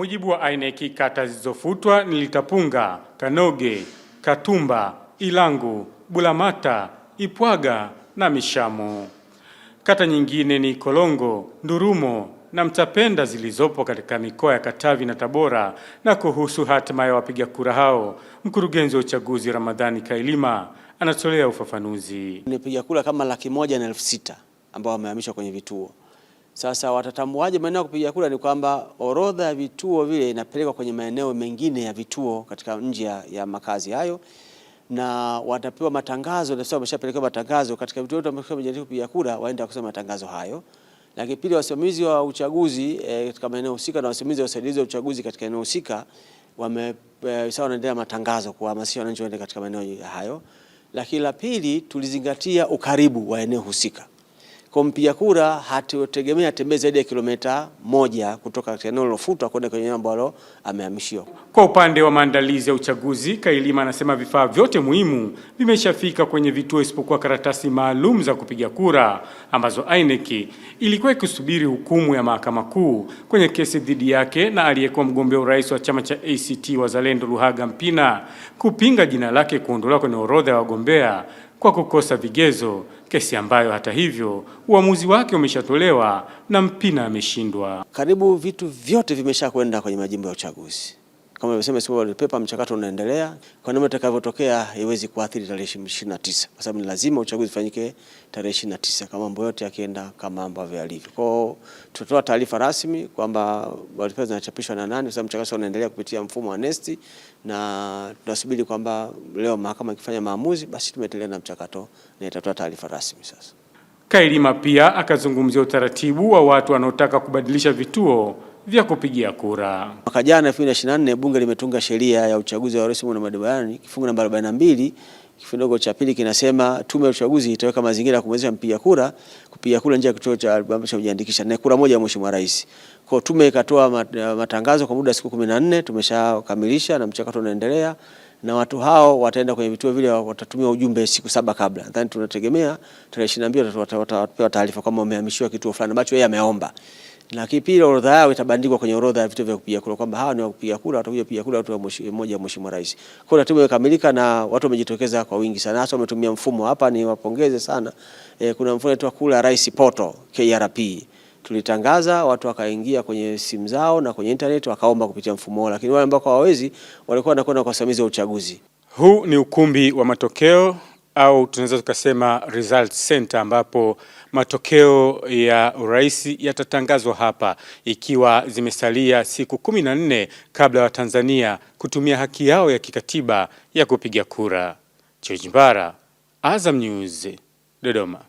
mujibu wa aineki kata zilizofutwa ni Litapunga, Kanoge, Katumba, Ilangu, Bulamata, Ipwaga na mishamo Kata nyingine ni Kolongo, Ndurumo na Mtapenda zilizopo katika mikoa ya Katavi na Tabora. Na kuhusu hatima ya wapiga kura hao, mkurugenzi wa uchaguzi Ramadhani Kailima anatolea ufafanuzi. Nipiga kura kama laki moja na elfu sita ambao wamehamishwa kwenye vituo sasa watatambuaje maeneo ya kupiga kura? Ni kwamba orodha ya vituo vile inapelekwa kwenye maeneo mengine ya vituo katika nje ya ya makazi hayo, na watapewa matangazo na sasa wameshapelekewa matangazo katika vituo vyote ambavyo wamejaribu kupiga kura, waende kusoma matangazo hayo. Lakini pili, wasimamizi wa uchaguzi e, katika maeneo husika na wasimamizi wa usaidizi wa uchaguzi katika eneo husika wame e, sasa wanaendelea matangazo kuhamasisha wananchi waende katika maeneo hayo. Lakini la pili, tulizingatia ukaribu wa eneo husika kwa mpiga kura hatutegemei atembee zaidi ya kilomita moja kutoka katika eneo lilofutwa kwenda kwenye eneo ambalo amehamishiwa. Kwa upande wa maandalizi ya uchaguzi, Kailima anasema vifaa vyote muhimu vimeshafika kwenye vituo isipokuwa karatasi maalum za kupiga kura ambazo INEC ilikuwa ikisubiri hukumu ya Mahakama Kuu kwenye kesi dhidi yake na aliyekuwa mgombea urais wa chama cha ACT Wazalendo Luhaga Mpina kupinga jina lake kuondolewa kwenye orodha ya wagombea kwa kukosa vigezo, kesi ambayo hata hivyo uamuzi wake umeshatolewa na Mpina ameshindwa. Karibu vitu vyote vimeshakwenda kwenye majimbo ya uchaguzi kama nimesema sio wale pepa, mchakato unaendelea, kwa namna itakavyotokea iwezi kuathiri tarehe 29 kwa sababu ni lazima uchaguzi ufanyike tarehe 29 kama mambo yote yakienda kama ambavyo yalivyo. Kwa hiyo tutatoa taarifa rasmi kwamba wale pepa zinachapishwa na nani, kwa sababu mchakato unaendelea kupitia mfumo wa NeST, na tunasubiri kwamba leo mahakama ikifanya maamuzi, basi tumeendelea na mchakato na itatoa taarifa rasmi sasa. Kailima pia akazungumzia utaratibu wa watu wanaotaka kubadilisha vituo vya kupigia kura. Mwaka jana 2024 bunge limetunga sheria ya uchaguzi wa rais na madiwani kifungu namba 42 kifungu cha pili kinasema tume ya uchaguzi itaweka mazingira ya kumwezesha mpiga kura kupiga kura nje ya kituo cha kujiandikisha na kura moja ya mheshimiwa rais. Kwa hiyo tume ikatoa eh, matangazo kwa muda siku 14, tumeshakamilisha na mchakato unaendelea na watu hao wataenda kwenye vituo vile, watatumia ujumbe siku saba kabla. Nadhani tunategemea tarehe 22 watapewa taarifa kama wamehamishiwa kituo fulani ambacho yeye ameomba na kipira orodha yao itabandikwa kwenye orodha ya vituo vya kupiga kura kwamba hawa ni wa kupiga kura, watakuja kupiga kura watu mmoja wa mheshimiwa rais. Kwa hiyo ratiba imekamilika na watu wamejitokeza kwa wingi sana, hasa wametumia mfumo hapa, ni wapongeze sana e, kuna mfumo unaitwa kura rais poto KRP tulitangaza watu wakaingia kwenye simu zao na kwenye internet wakaomba kupitia mfumo huo, lakini wale ambao hawawezi walikuwa wanakwenda kwa wasimamizi wa uchaguzi. Huu ni ukumbi wa matokeo au tunaweza tukasema result center ambapo matokeo ya urais yatatangazwa hapa ikiwa zimesalia siku kumi na nne kabla ya Watanzania kutumia haki yao ya kikatiba ya kupiga kura. George Mbara, Azam News, Dodoma.